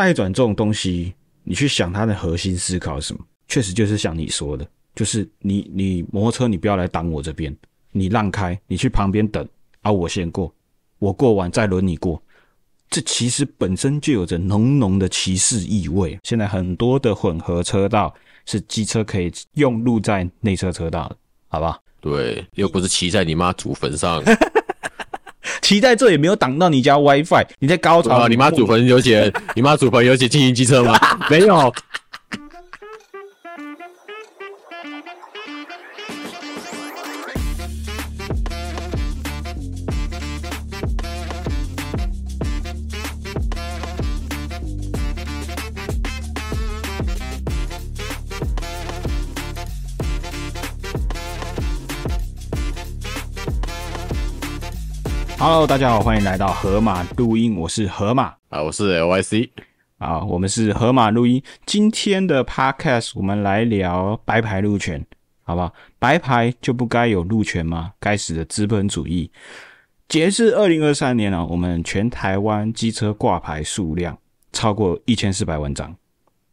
待轉這種東西，你去想它的核心思考是什麼？確實就是像你說的，就是你你摩托車你不要來擋我這邊，你讓開，你去旁邊等啊，我先過，我過完再輪你過。這其實本身就有着濃濃的歧視意味。現在很多的混合車道是機車可以用路在內側車道的，好吧？對，又不是騎在你媽祖墳上。 騎在這也沒有擋到你家 WiFi，你在高潮啊？你媽祖墳有寫？ 你媽祖墳有寫禁行機車嗎？ 沒有。哈嘍，Hello, 大家好，歡迎來到河馬路音，我是河馬啊，我是 Lyc 啊，我們是河馬路音。今天的 Podcast 我們來聊白牌路權，好不好？白牌就不該有路權嗎？該死的資本主義！截至二零二三年呢、啊，我們全台灣機車掛牌數量超過一千四百萬張，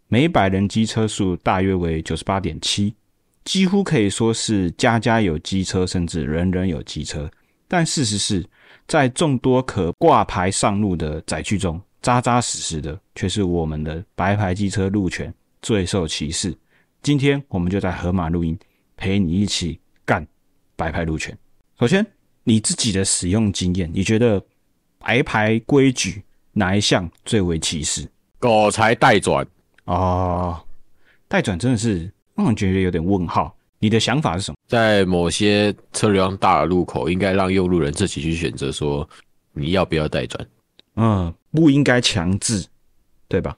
每百人機車數大約為九十八點七，幾乎可以說是家家有機車，甚至人人有機車。但事實是。在眾多可掛牌上路的載具中，紮紮實實的卻是我們的白牌機車路權最受歧視。今天我們就在河馬路音，陪你一起幹白牌路權。首先，你自己的使用經驗，你覺得白牌規矩哪一項最為歧視？狗才待轉啊、哦，待轉真的是讓我、嗯、覺得有點問號。你的想法是什麼？在某些車流量大的路口，應該讓用路人自己去選擇說，說你要不要待轉？嗯，不應該強制，對吧？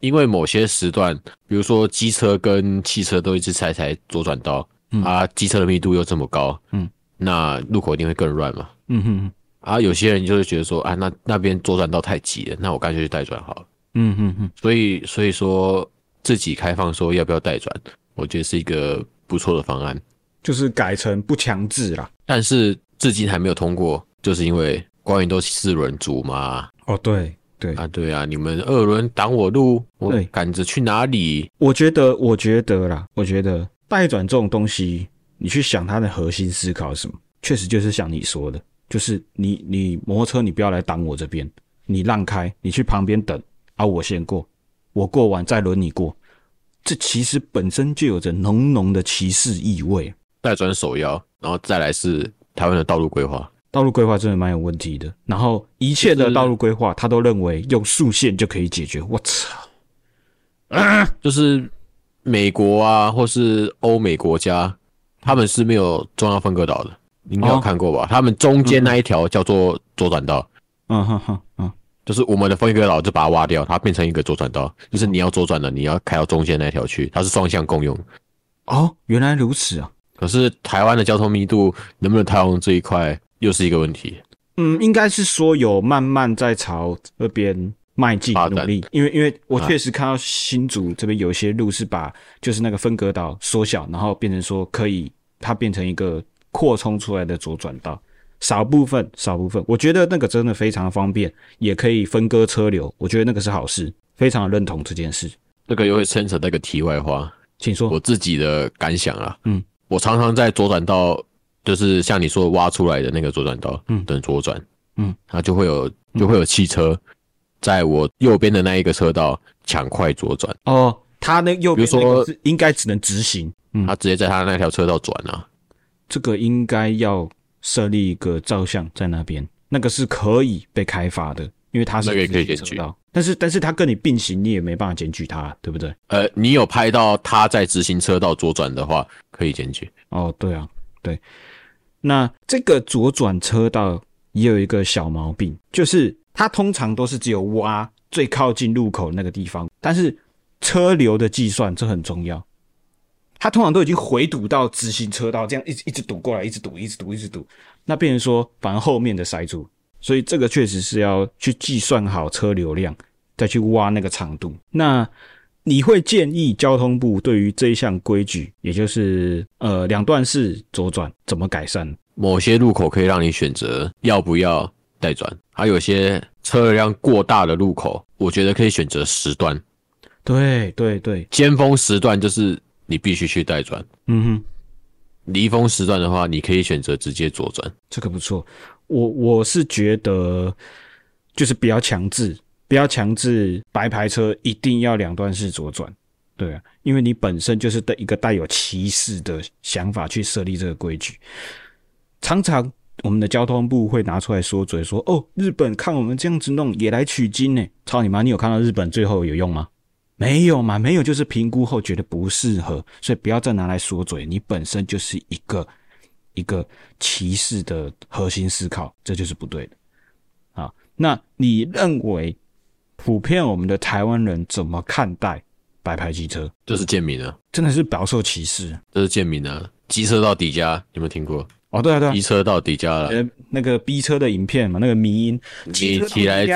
因為某些時段，比如說機車跟汽車都一直踩踩左轉道，嗯、啊，機車的密度又這麼高，嗯，那路口一定會更亂嘛。嗯哼哼。啊，有些人就會覺得說，啊，那那邊左轉道太擠了，那我乾脆去待轉好了。嗯哼哼。所以，所以說自己開放說要不要待轉，我覺得是一個。不錯的方案，就是改成不強制啦。但是至今還沒有通過，就是因為官員都是四輪族嘛。哦，對對啊，對啊，你們二輪擋我路，我趕着去哪裡？我覺得，我覺得啦，我覺得待轉這種東西，你去想它的核心思考是什麼？確實就是像你說的，就是你你摩托車，你不要來擋我這邊，你讓開，你去旁邊等啊，我先過，我過完再輪你過。這其實本身就有着濃濃的歧視意味。待轉首要，然後再來是台灣的道路規劃。道路規劃真的蠻有問題的，然後一切的道路規劃，就是、他都認為用豎線就可以解決。我操！啊，就是美國啊，或是歐美國家，他們是沒有中央分隔島的。你應該有好好看過吧？他們中間那一條叫做左轉道。嗯哼哼，嗯。嗯嗯嗯就是我們的分隔島就把它挖掉，它變成一個左轉道，就是你要左轉的，你要開到中間那條去，它是雙向共用。哦，原來如此啊！可是台灣的交通密度能不能帶動這一塊，又是一個問題。嗯，應該是說有慢慢在朝這邊邁進展努力，因為因為我確實看到新竹這邊有一些路是把就是那個分隔島縮小，然後變成說可以它變成一個擴充出來的左轉道。少部分，少部分，我覺得那個真的非常方便，也可以分割車流，我覺得那個是好事，非常認同這件事。這個又會牽扯那個題外話，請說。我自己的感想啊。嗯，我常常在左轉道，就是像你說挖出來的那個左轉道，嗯，等左轉，嗯，他就會有就會有汽車，在我右邊的那一個車道搶快左轉。哦、呃，他那右邊，比如說應該只能直行，嗯，他直接在他那條車道轉啊，這個應該要。設立一個照相在那邊，那個是可以被開發的，因為它是直行車道，可以檢舉到。但是，但是它跟你並行，你也沒辦法檢舉它，對不對？呃，你有拍到它在直行車道左轉的話，可以檢舉。哦，對啊，對。那這個左轉車道也有一個小毛病，就是它通常都是只有挖最靠近路口那個地方，但是車流的計算這很重要。他通常都已經回堵到直行車道，這樣一直一直堵過來，一直堵，一直堵，一直堵。直堵，那變成說反而後面的塞住，所以這個確實是要去計算好車流量，再去挖那個長度。那你會建議交通部對於這一項規矩，也就是呃兩段式左轉怎麼改善？某些路口可以讓你選擇要不要待轉，還有些車流量過大的路口，我覺得可以選擇時段。對對對，對對尖峰時段就是。你必須去待轉，嗯哼，離峰時段的話，你可以選擇直接左轉，這個不錯。我我是覺得，就是不要強制，不要強制白牌車一定要兩段式左轉，對啊，因為你本身就是的一個帶有歧視的想法去設立這個規矩。常常我們的交通部會拿出來說嘴說，哦，日本看我們這樣子弄，也來取經呢，操你媽！你有看到日本最後有用嗎？沒有嘛？沒有就是評估後覺得不適合，所以不要再拿來說嘴。你本身就是一個一個歧視的核心思考，這就是不對的啊。那你認為普遍我們的台灣人怎麼看待白牌機車？這是賤民啊、嗯，真的是飽受歧視。這是賤民啊，機車到底家有沒有聽過？哦，對啊，對啊，機車到底家了那個 B 車的影片嘛，那個迷因，你起來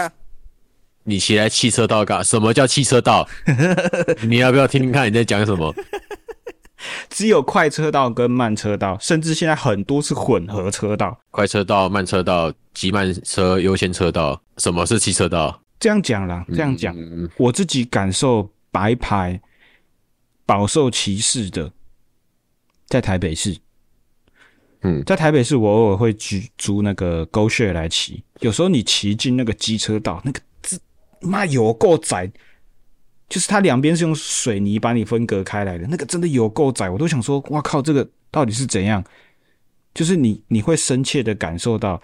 你騎在汽車道幹？什麼叫汽車道？ 你要不要聽聽看你在講什麼？ 只有快車道跟慢車道，甚至現在很多是混合車道。快車道、慢車道、急慢車優先車道，什麼是汽車道？這樣講啦，這樣講，嗯、我自己感受白牌飽受歧視的，在台北市，嗯，在台北市我偶爾會去租那個 GoShare 來騎，有時候你騎進那個機車道，那個。那有夠窄，就是它兩邊是用水泥把你分隔開來的。那個真的有夠窄，我都想說，哇靠，這個到底是怎樣？就是你你會深切的感受到，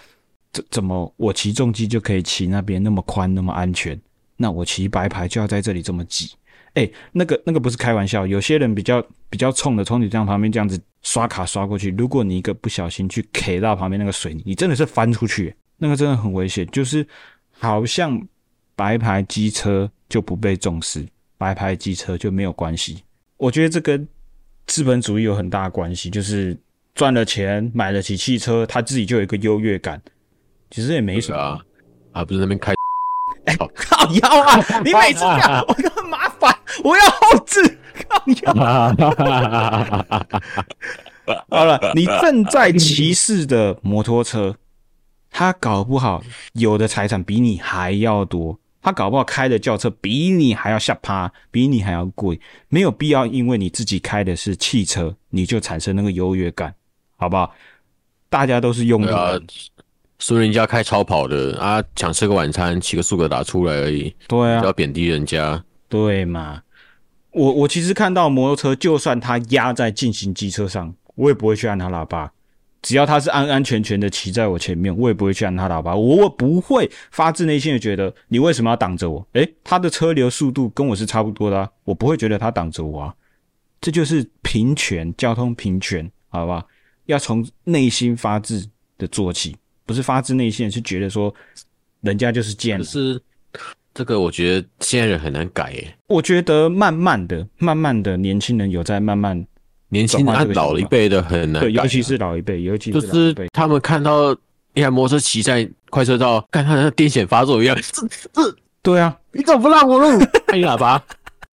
怎怎麼我騎重機就可以騎那邊那麼寬那麼安全，那我騎白牌就要在這裡這麼擠。哎，那個那個不是開玩笑，有些人比較比較衝的，從你這樣旁邊這樣子刷卡刷過去，如果你一個不小心去 K 到旁邊那個水泥，你真的是翻出去，欸，那個真的很危險，就是好像。白牌機車就不被重視，白牌機車就沒有關係。我覺得這跟資本主義有很大關係，就是賺了錢買得起汽車，他自己就有一個優越感。其實也沒什麼，啊，啊，不是那邊開、欸？靠腰啊！你每次這樣，我就很麻煩！我要後置！靠腰！腰 好了，你正在歧視的摩托車，他搞不好有的財產比你還要多。他搞不好開的轎車比你還要嚇趴，比你還要貴，沒有必要因為你自己開的是汽車，你就產生那個優越感，好不好？大家都是用的。雖然、啊、人家開超跑的啊，想吃個晚餐，騎個速克達出來而已。對啊，不要貶低人家？對嘛？我我其實看到摩托車，就算他壓在禁行機車上，我也不會去按他喇叭。只要他是安安全全的騎在我前面，我也不會去按他喇叭，好吧？我我不會發自內心的覺得你為什麼要擋着我？誒、欸，他的車流速度跟我是差不多的，啊，我不會覺得他擋着我。啊。這就是平權，交通平權，好吧？要從內心發自的做起，不是發自內心是覺得說人家就是賤人。是這個，我覺得現在人很難改誒。我覺得慢慢的，慢慢的，年輕人有在慢慢。年輕人，老一輩的很難，尤其是老一輩，尤其是他們看到一輛摩托車騎在快車道，看他的癲癇發作一樣。這這，對啊，你怎麼不讓我錄？按喇叭，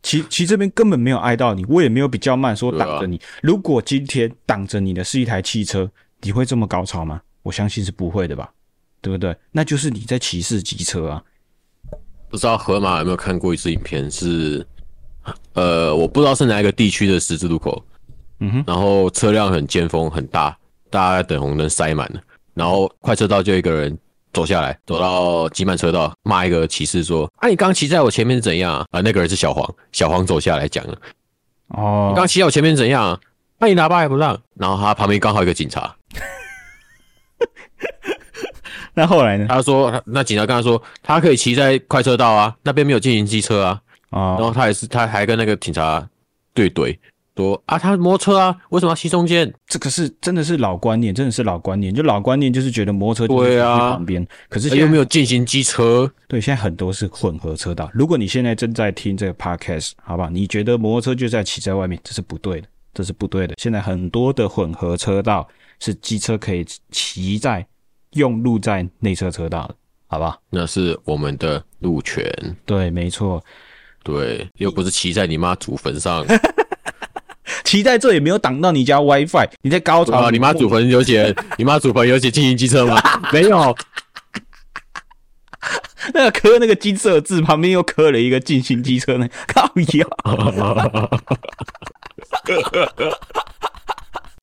騎騎這邊根本沒有挨到你，我也沒有比較慢說擋着你。啊、如果今天擋着你的是一台汽車，你會這麼高潮嗎？我相信是不會的吧，對不對？那就是你在歧視機車啊。不知道河馬有沒有看過一支影片？是呃，我不知道是哪一個地區的十字路口。嗯、然後車輛很尖峰很大，大家等紅燈塞滿了，然後快車道就一個人走下來，走到機慢車道，罵一個騎士說：“啊，你剛騎在我前面是怎樣啊、呃？”那個人是小黃，小黃走下來講了：“哦，你剛騎在我前面是怎樣、啊？那、啊、你喇叭也不讓。”然後他旁邊剛好一個警察。 那後來呢？他說：“那警察跟他說，他可以騎在快車道啊，那邊沒有禁行機車啊。哦”啊，然後他也是，他還跟那個警察對懟。說啊，他摩托車啊，為什麼要騎中間？這個是真的是老觀念，真的是老觀念。就老觀念就是覺得摩托車就在對啊，旁邊可是有、哎、又沒有重型機車？對，現在很多是混合車道。如果你現在正在聽這個 podcast，好吧，你覺得摩托車就在騎在外面，這是不對的，這是不對的。現在很多的混合車道是機車可以騎在用路在內側車、車道的，好吧？那是我們的路權。對，沒錯，對，又不是騎在你媽祖墳上。 騎在這也沒有擋到你家 WiFi。Fi，你在高潮，啊？你媽祖墳有寫你媽祖墳有寫禁行機車嗎？ 沒有。那個刻那個金色字旁邊又刻了一個禁行機車呢，靠腰，啊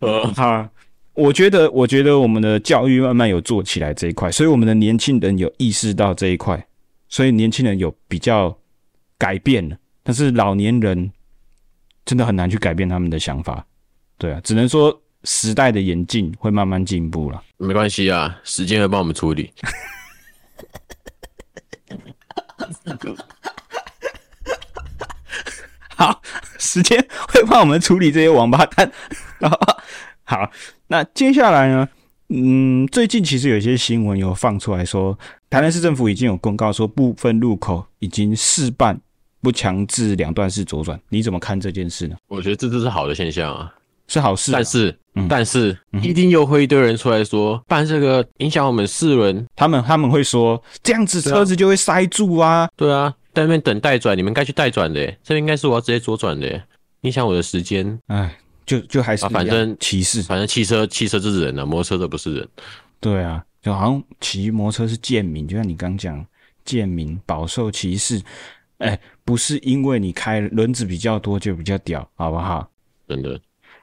um,！哈哈我覺得，我覺得我們的教育慢慢有做起來這一塊，所以我們的年輕人有意識到這一塊，所以年輕人有比較改變了，但是老年人。真的很難去改變他們的想法，對啊，只能說時代的演進會慢慢進步了。沒關係啊，時間會幫我們處理。 好，時間會幫我們處理這些王八蛋。 好，那接下來呢？嗯，最近其實有一些新聞有放出來說，台南市政府已經有公告說，部分路口已經試辦。不強制兩段式左轉，你怎麼看這件事呢？我覺得這都是好的現象啊，是好事、啊。但是，嗯、但是、嗯、一定又會一堆人出來說，辦這個影響我們四輪，他們他們會說這樣子車子、啊、就會塞住啊。對啊，在那邊等待轉，你們該去待轉的，這邊應該是我要直接左轉的，影響我的時間，哎，就就還是、啊、反正歧視，反正汽車汽車就是人了、啊、摩托車都不是人。對啊，就好像騎摩托車是賤民，就像你剛講賤民飽受歧視。哎、欸，不是因為你開輪子比較多就比較屌，好不好？真的，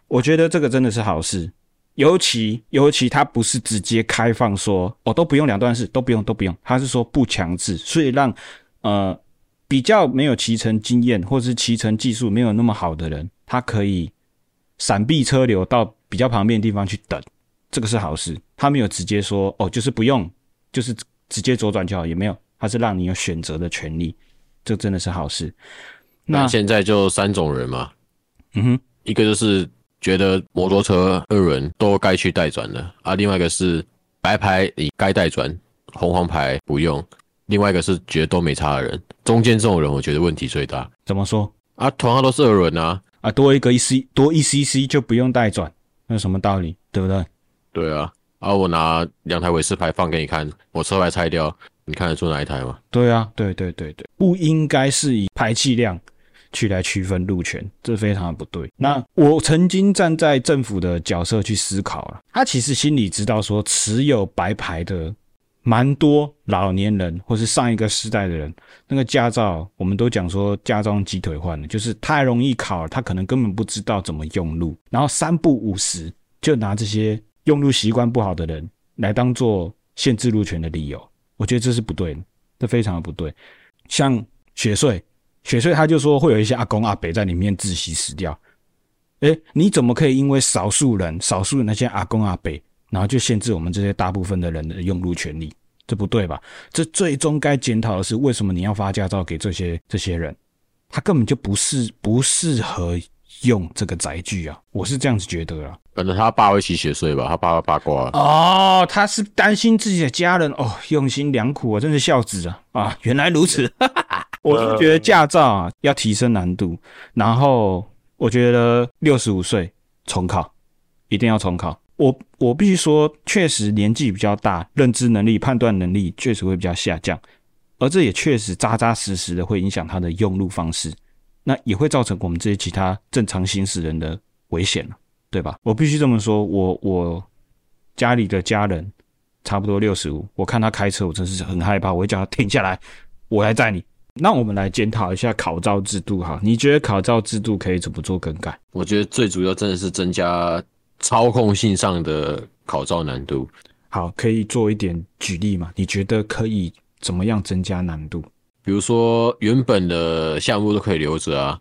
我覺得這個真的是好事，尤其尤其他不是直接開放說哦都不用兩段式，都不用都不用，他是說不強制，所以讓呃比較沒有騎乘經驗或是騎乘技術沒有那麼好的人，他可以閃避車流到比較旁邊的地方去等，這個是好事。他沒有直接說哦就是不用，就是直接左轉就好，也沒有，他是讓你有選擇的權利。這真的是好事。那，那現在就三種人嘛，嗯哼，一個就是覺得摩托車二輪都該去待轉的啊，另外一個是白牌該待轉，紅黃牌不用，另外一個是覺得都沒差的人。中間這種人，我覺得問題最大。怎麼說啊？同樣都是二輪啊，啊，多一個一 c 多一 c c 就不用待轉，那有什麼道理？對不對？對啊，啊，我拿兩台偉士牌放給你看，我車牌拆掉。你看得出哪一台嗎？對啊，對對對對，不應該是以排氣量去來區分路權，這非常的不對。那我曾經站在政府的角色去思考了，他其實心裡知道說，持有白牌的蠻多老年人或是上一個世代的人，那個駕照我們都講說，駕照用雞腿換了，就是太容易考了，他可能根本不知道怎麼用路，然後三不五時就拿這些用路習慣不好的人來當做限制路權的理由。我覺得這是不對的，這非常的不對。像雪隧，雪隧他就說會有一些阿公阿伯在裡面窒息死掉。誒，你怎麼可以因為少數人、少數的那些阿公阿伯，然後就限制我們這些大部分的人的用路權利？這不對吧？這最終該檢討的是，為什麼你要發駕照給這些這些人？他根本就不適不適合。用這個載具啊，我是這樣子覺得啊。反正他爸會洗洗睡吧，他爸會八卦、啊。哦，他是擔心自己的家人哦，用心良苦啊，真是孝子啊啊！原來如此， 我是覺得駕照啊要提升難度，然後我覺得六十五歲重考，一定要重考。我我必須說，確實年紀比較大，認知能力、判斷能力確實會比較下降，而這也確實扎扎實實的會影響他的用路方式。那也會造成我們這些其他正常行駛人的危險了，對吧？我必須這麼說，我我家裡的家人差不多六十五，我看他開車，我真是很害怕，我會叫他停下來，我來載你。那我們來檢討一下考照制度哈，你覺得考照制度可以怎麼做更改？我覺得最主要真的是增加操控性上的考照難度。好，可以做一點舉例嗎？你覺得可以怎麼樣增加難度？比如說，原本的項目都可以留着啊，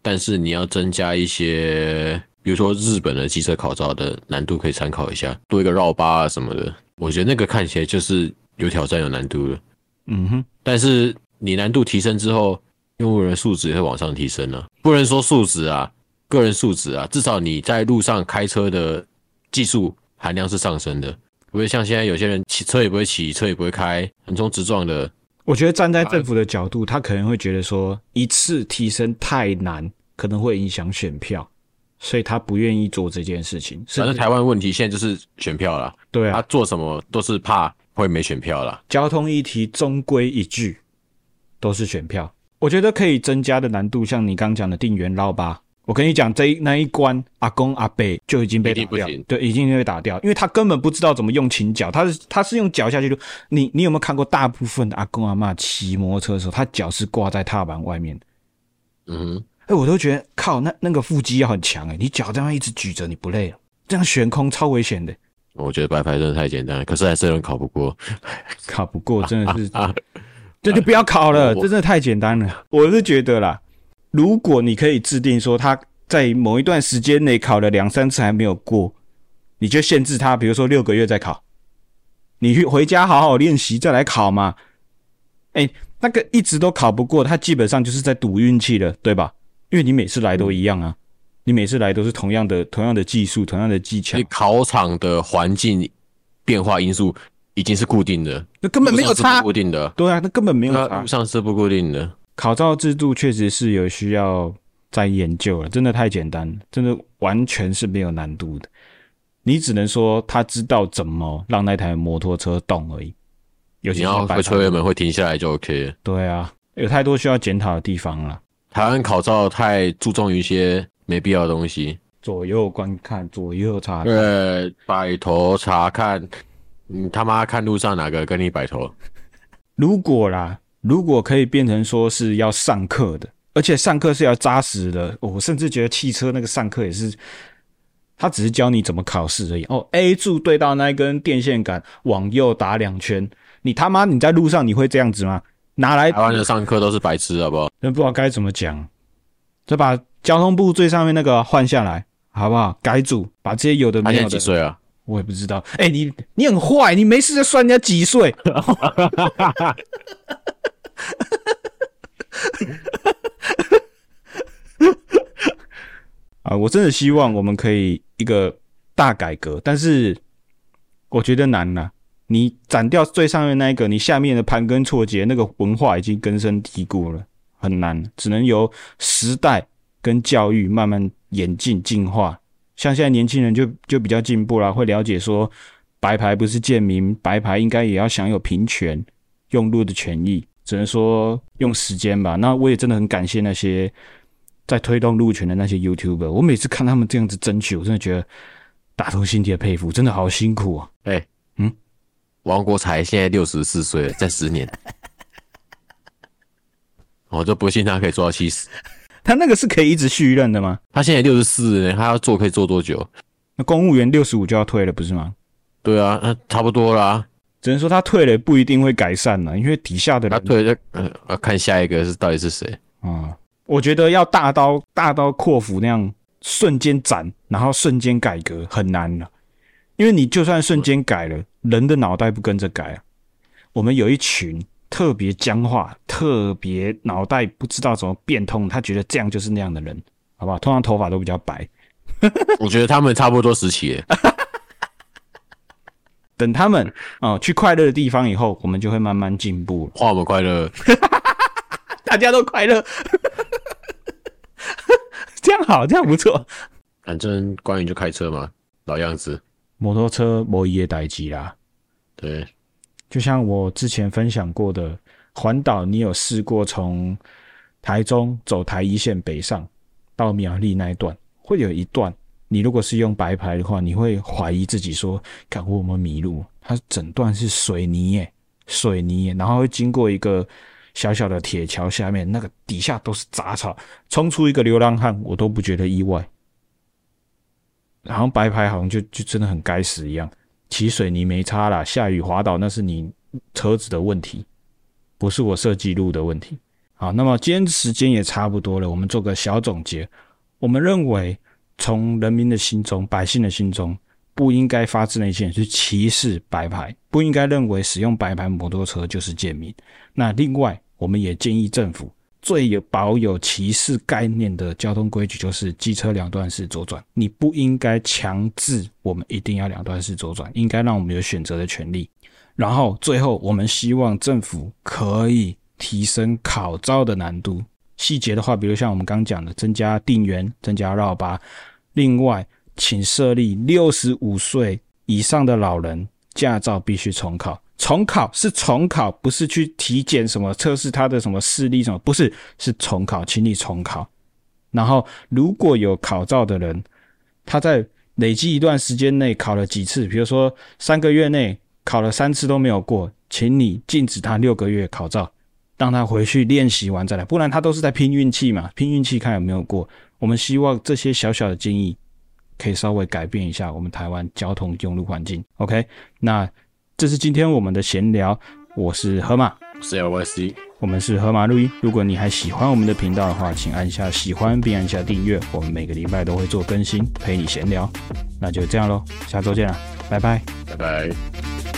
但是你要增加一些，比如說日本的機車考照的難度，可以參考一下，多一個繞八啊什麼的。我覺得那個看起來就是有挑戰、有難度的。嗯哼，但是你難度提升之後，用戶人的素質也會往上提升了啊。不能說素質啊，個人素質啊，至少你在路上開車的技術含量是上升的，不會像現在有些人騎車也不會騎，車也不會開，橫衝直撞的。我覺得站在政府的角度，啊、他可能會覺得說一次提升太難，可能會影響選票，所以他不願意做這件事情。反正台灣問題現在就是選票了，對啊，他、啊、做什麼都是怕會沒選票了。交通議題終歸一句，都是選票。我覺得可以增加的難度，像你剛講的定圓繞吧。我跟你講，這一那一關阿公阿伯就已經被打掉，對，已經被打掉，因為他根本不知道怎麼用琴腳，他是他是用腳下去。就你你有沒有看過大部分的阿公阿媽騎摩托車的時候，他腳是掛在踏板外面？嗯哼，哎、欸，我都覺得靠，那那個腹肌要很強哎、欸，你腳這樣一直舉着，你不累啊？這樣懸空超危險的。我覺得白牌真的太簡單了，可是還是有人考不過， 考不過真的是， 這就不要考了，這真的太簡單了。我是覺得啦。如果你可以制定說他在某一段時間內考了兩三次還沒有過，你就限制他，比如說六個月再考，你去回家好好練習再來考嘛。哎、欸，那個一直都考不過，他基本上就是在賭運氣了，對吧？因為你每次來都一樣啊，你每次來都是同樣的同樣的技術、同樣的技巧，你考場的環境變化因素已經是固定的，定的那根本沒有差，固定的，對啊，那根本沒有差，路上是不固定的。考照制度確實是有需要再研究了，真的太簡單，真的完全是沒有難度的。你只能說他知道怎麼讓那台摩托車動而已。然後開車員們會停下來就 OK。對啊，有太多需要檢討的地方了。台灣考照太注重於一些沒必要的東西，左右觀看，左右查看，呃擺頭查看，你、嗯、他媽看路上哪個跟你擺頭？ 如果啦。如果可以變成說是要上課的，而且上課是要扎實的、哦，我甚至覺得汽車那個上課也是，他只是教你怎麼考試而已。哦，A 柱對到那一根電線桿，往右打兩圈，你他媽你在路上你會這樣子嗎？拿來，台灣的上課都是白痴，好不好？真不知道該怎麼講，就把交通部最上面那個換下來，好不好？改組，把這些有的沒有的，他現在幾歲啊？我也不知道。哎、欸，你你很壞，你沒事就算人家幾歲。 啊！我真的希望我們可以一個大改革，但是我覺得難了。你斬掉最上面那一個，你下面的盤根錯節，那個文化已經根深蒂固了，很難。只能由時代跟教育慢慢演進、進化。像現在年輕人就就比較進步啦，會了解說白牌不是賤民，白牌應該也要享有平權用路的權益。只能說用時間吧。那我也真的很感謝那些在推動路權的那些 YouTuber。我每次看他們這樣子爭取，我真的覺得打從心底的佩服，真的好辛苦啊！哎、欸，嗯，王國材現在六十四歲了，在十年， 我就不信他可以做到七十。他那個是可以一直續任的嗎？他現在六十四，他要做可以做多久？那公務員六十五就要退了，不是嗎？對啊，那差不多啦、啊。只能說他退了也不一定會改善了、啊，因為底下的人。他退了，呃，看下一個是到底是誰啊、嗯？我覺得要大刀大刀闊斧那樣瞬間斬，然後瞬間改革很難了、啊。因為你就算瞬間改了，嗯、人的腦袋不跟着改啊。我們有一群特別僵化、特別腦袋不知道怎麼變通，他覺得這樣就是那樣的人，好不好？通常頭髮都比較白。我 覺得他們差不多時期。 等他們啊、呃、去快樂的地方以後，我們就會慢慢進步了。哇，我們快樂， 大家都快樂， 這樣好，這樣不錯。反正官員就開車嘛，老樣子。摩托車摩一也代騎啦。對，就像我之前分享過的環島，環島你有試過從台中走台一線北上到苗栗那一段，會有一段。你如果是用白牌的話，你會懷疑自己說：“看，我們迷路，它整段是水泥耶，水泥耶，然後會經過一個小小的鐵橋，下面那個底下都是雜草，衝出一個流浪漢，我都不覺得意外。”然後白牌好像就就真的很該死一樣，騎水泥沒差啦，下雨滑倒那是你車子的問題，不是我設計路的問題。好，那麼今天時間也差不多了，我們做個小總結，我們認為。從人民的心中、百姓的心中，不應該發自內心去歧視白牌，不應該認為使用白牌摩托車就是賤民。那另外，我們也建議政府最有保有歧視概念的交通規矩就是機車兩段式左轉，你不應該強制我們一定要兩段式左轉，應該讓我們有選擇的權利。然後最後，我們希望政府可以提升考照的難度。細節的話，比如像我們剛講的，增加定員，增加繞把。另外，請設立六十五歲以上的老人駕照必須重考。重考是重考，不是去體檢什麼測試他的什麼視力什麼，不是，是重考，請你重考。然後，如果有考照的人，他在累積一段時間內考了幾次，比如說三個月內考了三次都沒有過，請你禁止他六個月考照。讓他回去練習完再來，不然他都是在拼運氣嘛，拼運氣看有沒有過。我們希望這些小小的建議可以稍微改變一下我們台灣交通用路環境。OK，那這是今天我們的閒聊，我是河馬 CLYC，我，我們是河馬路音。如果你還喜歡我們的頻道的話，請按下喜歡並按下訂閱，我們每個禮拜都會做更新陪你閒聊。那就這樣咯，下周見了，拜拜，拜拜。